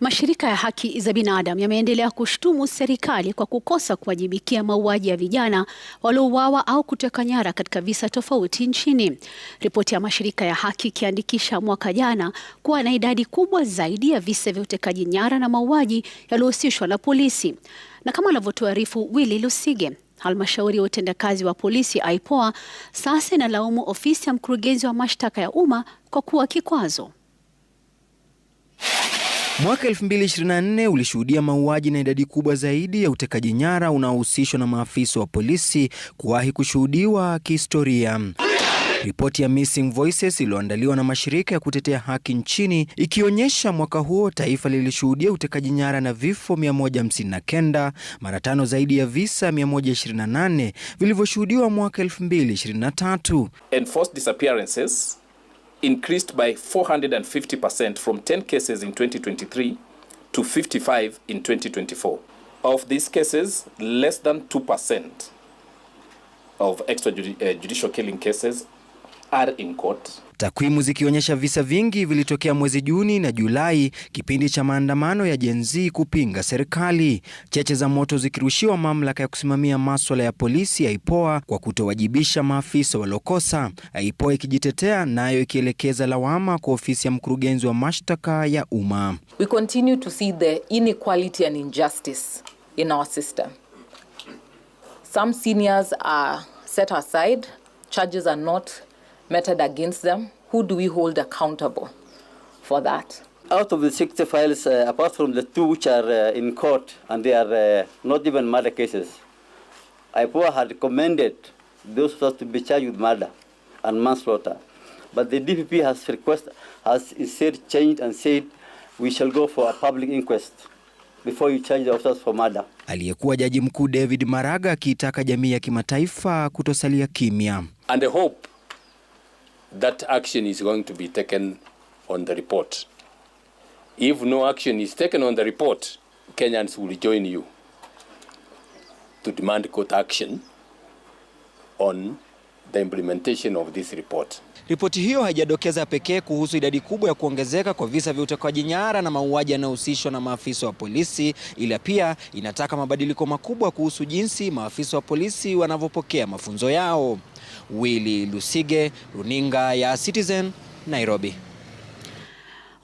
Mashirika ya haki za binadamu yameendelea kushtumu serikali kwa kukosa kuwajibikia mauaji ya vijana waliouawa au kuteka nyara katika visa tofauti nchini. Ripoti ya mashirika ya haki ikiandikisha mwaka jana kuwa na idadi kubwa zaidi ya visa vya utekaji nyara na mauaji yaliyohusishwa na polisi. Na kama anavyotuarifu Willy Lusige, halmashauri ya utendakazi wa polisi IPOA sasa inalaumu ofisi ya mkurugenzi wa mashtaka ya umma kwa kuwa kikwazo. Mwaka 2024 ulishuhudia mauaji na idadi kubwa zaidi ya utekaji nyara unaohusishwa na maafisa wa polisi kuwahi kushuhudiwa kihistoria. Ripoti ya Missing Voices iliyoandaliwa na mashirika ya kutetea haki nchini ikionyesha mwaka huo taifa lilishuhudia utekaji nyara na vifo 159, mara tano zaidi ya visa 128 vilivyoshuhudiwa mwaka 2023. Enforced disappearances increased by 450% from 10 cases in 2023 to 55 in 2024. Of these cases, less than 2% of extrajudicial uh, killing cases are in court. Takwimu zikionyesha visa vingi vilitokea mwezi Juni na Julai, kipindi cha maandamano ya Gen Z kupinga serikali, cheche za moto zikirushiwa mamlaka ya kusimamia maswala ya polisi aipoa kwa kutowajibisha maafisa waliokosa, aipoa ikijitetea nayo ikielekeza lawama kwa ofisi ya mkurugenzi wa mashtaka ya umma. We continue to see the inequality and injustice in our system. Some seniors are set aside, charges are not meted against them? Who do we hold accountable for that? Out of the 60 files, uh, apart from the two which are uh, in court and they are uh, not even murder cases, IPOA had recommended those who to be charged with murder and manslaughter. But the DPP has requested, has instead changed and said, we shall go for a public inquest before you change the officers for murder. Aliyekuwa jaji mkuu David Maraga akiitaka jamii ya kimataifa kutosalia kimya. And the hope that action is going to be taken on the report. If no action is taken on the report, Kenyans will join you to demand court action on the implementation of this report. Ripoti hiyo haijadokeza pekee kuhusu idadi kubwa ya kuongezeka kwa visa vya utekaji nyara na mauaji yanayohusishwa na maafisa wa polisi, ila pia inataka mabadiliko makubwa kuhusu jinsi maafisa wa polisi wanavyopokea mafunzo yao. Willy Lusige, Runinga ya Citizen, Nairobi.